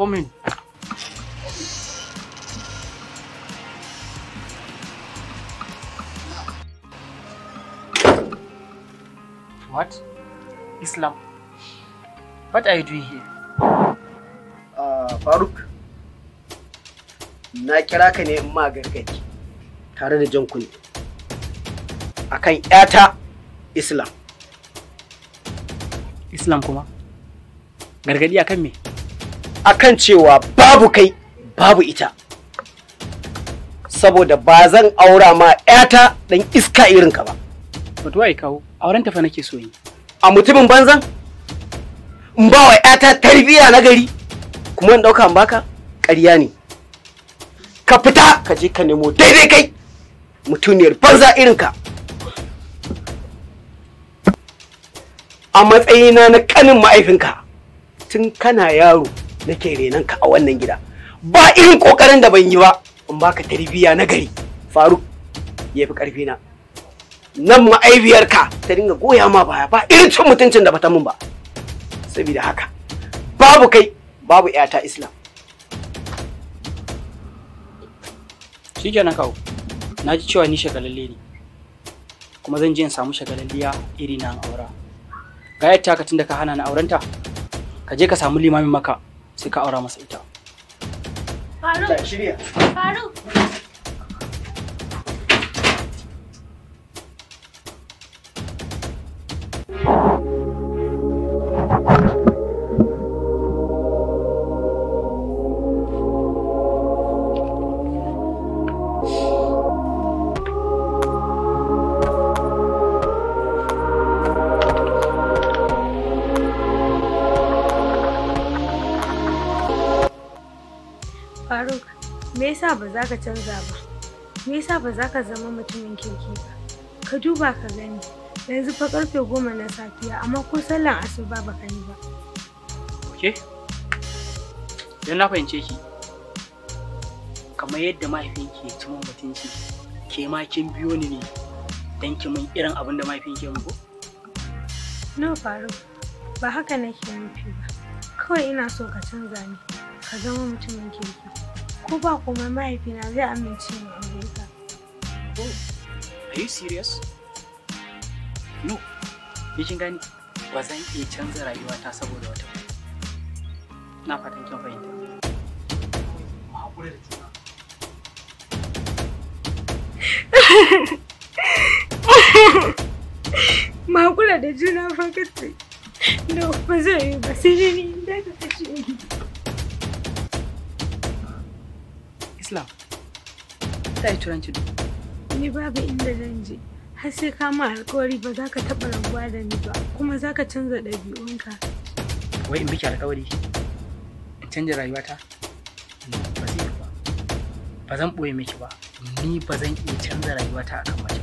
coming. What? Islam? What are you doing here? Uh, Faruk, na kira ka ne in ma gargadi tare da jan kunni akan ‘yata Islam. Islam kuma? Gargadi akan me? akan cewa babu kai babu ita saboda ba zan aura ma 'yata dan iska irin ka ba to ya kawo auren ta fa nake so yi a mutumin banzan in ba wa 'yata tarbiyya na gari kuma in ɗauka baka ƙarya ne ka fita ka je ka nemo daidai kai mutuniyar banza irin ka a matsayina na ƙanin ma'aifinka tun kana yaro nake renon ka a wannan gida ba irin kokarin da ban yi ba in baka tarbiyya na gari faruk ya fi karfi na nan ma'aibiyarka ta dinga goya ma baya ba irin cin mutuncin da bata min ba saboda haka babu kai babu yata islam shikenan kawo na ji cewa ni shagalalle ne kuma zan je in samu shagalalliya iri na aura ga yadda ka tun da ka hana ni aurenta ka je ka samu limamin maka sai ka aura masa ita. Faruk! Faruk! za ka canza ba me yasa ba za ka zama mutumin kirki ba ka duba ka gani yanzu fa karfe goma na safiya amma ko sallan asuba ba ka yi ba ok don na fahimce ki kamar yadda mahaifinki ya cimma mutunci ke ma kin biyo ni ne don ki mun irin abin da mahaifinki ya muku no faru ba haka nake nufi ba kawai ina so ka canza ni ka zama mutumin kirki ko ba kuma mahaifina zai amince mu aure ka. Oh, are you serious? No, ni kin gani ba zan iya canza rayuwata saboda wata. Na fatan kin fahimta. Mu haƙura da juna. Mu haƙura da juna fa kace. No, ba zai yi ba sai ni inda ka kashe Islam. What are you Ni babu inda zan je. Har sai ka ma alƙawari ba za ka taɓa rabuwa da ni ba, kuma za ka canza ɗabi'unka. Wai in biki alƙawari? In canza rayuwata? Ba zai ba. Ba zan ɓoye miki ba. Ni ba zan iya canza rayuwata kan mace.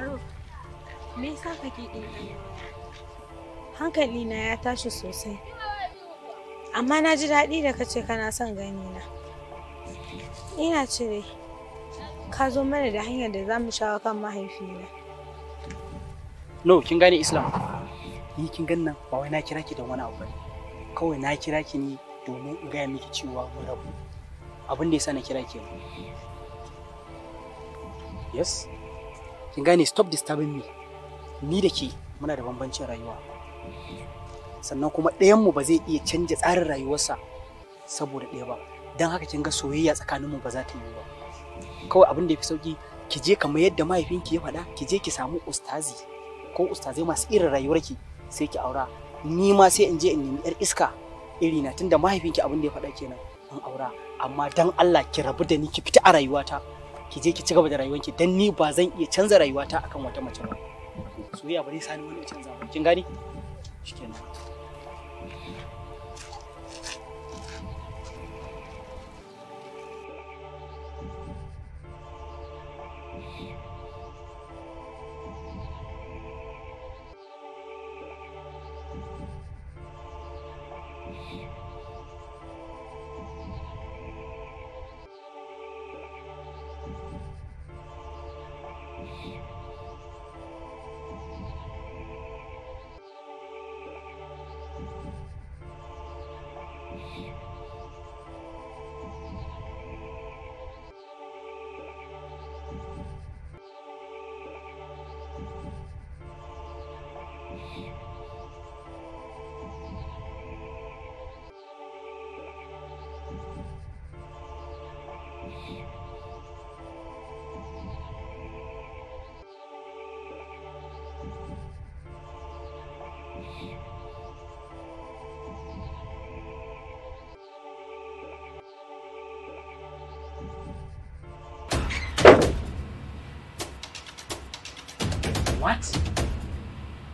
faru me yasa kake ɗinki? Eh, eh, Hankali na ya tashi sosai. Amma na ji daɗi da kace kana son gani na. Ina cire. Ka zo mana da hanyar da za mu shawo kan mahaifina. No, kin gane Islam. Ni kin gan nan ba wai na kira ki don wani abu bane. Kawai na kira ki ne domin in gaya miki cewa mu rabu. Abin da yasa na kira ki. Yes? kin gane stop disturbing me ni da ke muna da bambancin rayuwa sannan kuma ɗayan mu ba zai iya canja tsarin rayuwarsa saboda ɗaya ba dan haka kin ga soyayya tsakaninmu ba za ta yi ba kawai abin da ya fi sauki ki je kamar yadda mahaifinki ya faɗa ki je ki samu ustazi ko ustazai masu irin rayuwarki sai ki aura ni ma sai in je in nemi yar iska iri na tunda mahaifinki abin da ya faɗa kenan in aura amma dan Allah ki rabu da ni ki fita a rayuwata ki je ki ci gaba da rayuwanki dan ni ba zan iya canza rayuwata akan wata mace ba soyayya ba zai sani wani canza ba kin gani shikenan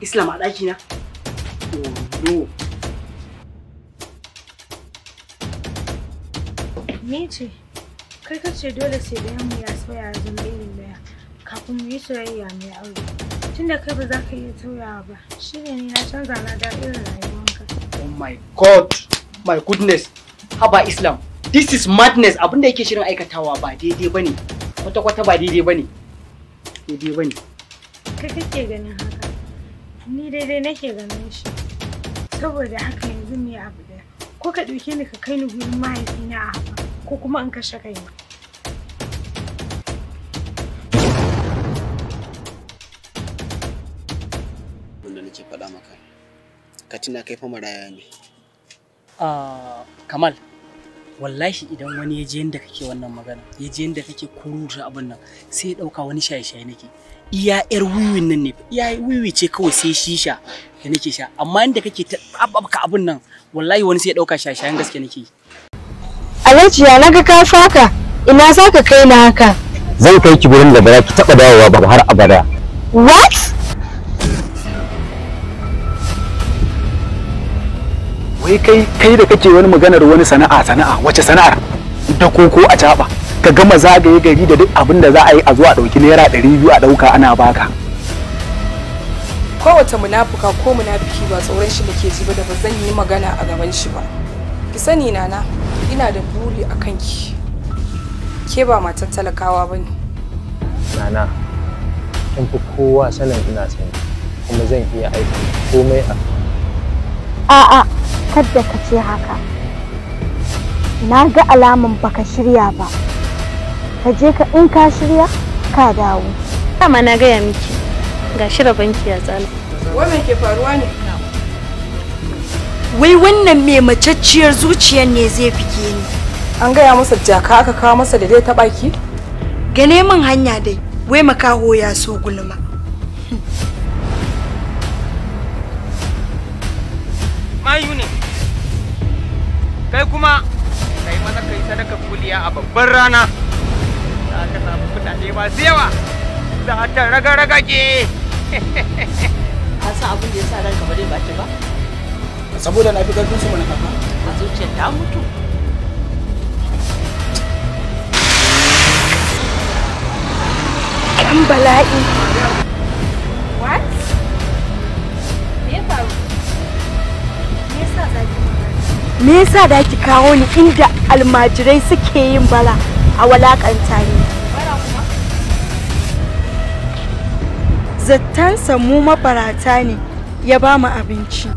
Islam a ɗaki na? Oh kai ka ce dole sai da mu ya tsaya ya zama irin daya kafin mu yi soyayya mai aure. Tunda kai ba za ka iya tauyawa ba, shi ne na canza na da irin rayuwanka. Oh my God, my goodness, haba Islam. This is madness abin da yake shirin aikatawa ba daidai bane kwata-kwata ba daidai bane daidai bane kai kake ganin haka ni dai-dai dai nake ganin shi saboda haka yanzu mu yi abu da ko ka ɗauke ni ka kai ni gurin mahaifina a haka ko kuma in kashe kai? wanda nake faɗa maka ka tuna kai fa maraya ne ah, kamal wallahi idan wani ya je yadda kake wannan magana ya je yadda kake kuruta abin nan sai ya ɗauka wani shaye-shaye nake iya yar wiwin nan ne iya wiwi ce kawai sai shisha da nake sha amma inda kake ta ababka abun nan wallahi wani sai ya dauka shashayan gaske nake Alhaji ya naga ka faka ina saka kai na haka zan kai ki gurin da ba ki taba dawowa ba har abada what wai kai kai da kake wani maganar wani sana'a sana'a wace sana'ar da koko a caba ka gama zagaye gari da duk abin da za a yi a zo a ɗauki naira ɗari biyu a ɗauka ana baka kowace munafuka ko munafiki ba tsoron shi nake ji ba da ba zan yi magana a gaban shi ba ki sani nana ina da buri a kanki ke ba matan talakawa ba ne nana kin fi kowa sanin ina sani kuma zan iya aiki komai a a'a kada ka ce haka na ga alaman baka shirya ba ka je ka in ka shirya ka dawo dama na gaya miki ga shirya banki ya tsala wai me ke faruwa ne wai wannan mai macacciyar zuciyar ne zai fike ni an gaya masa jaka aka kawo masa da dai ta baki gane min hanya dai wai makaho ya so gulma mayu ne kai kuma kai maza kai sadaka kuliya a babbar rana ka samu mutane masu yawa za ta raga-raga ke an san abin da ya sa ranka ba zai baci ba saboda na fi karfin su mana kafa a zuciyar ta mutu kan bala'i what me faru me yasa zaki me yasa da ki kawo ni inda almajirai suke yin bala a walakanta ni zattansa mu mabarata ne ya ba mu abinci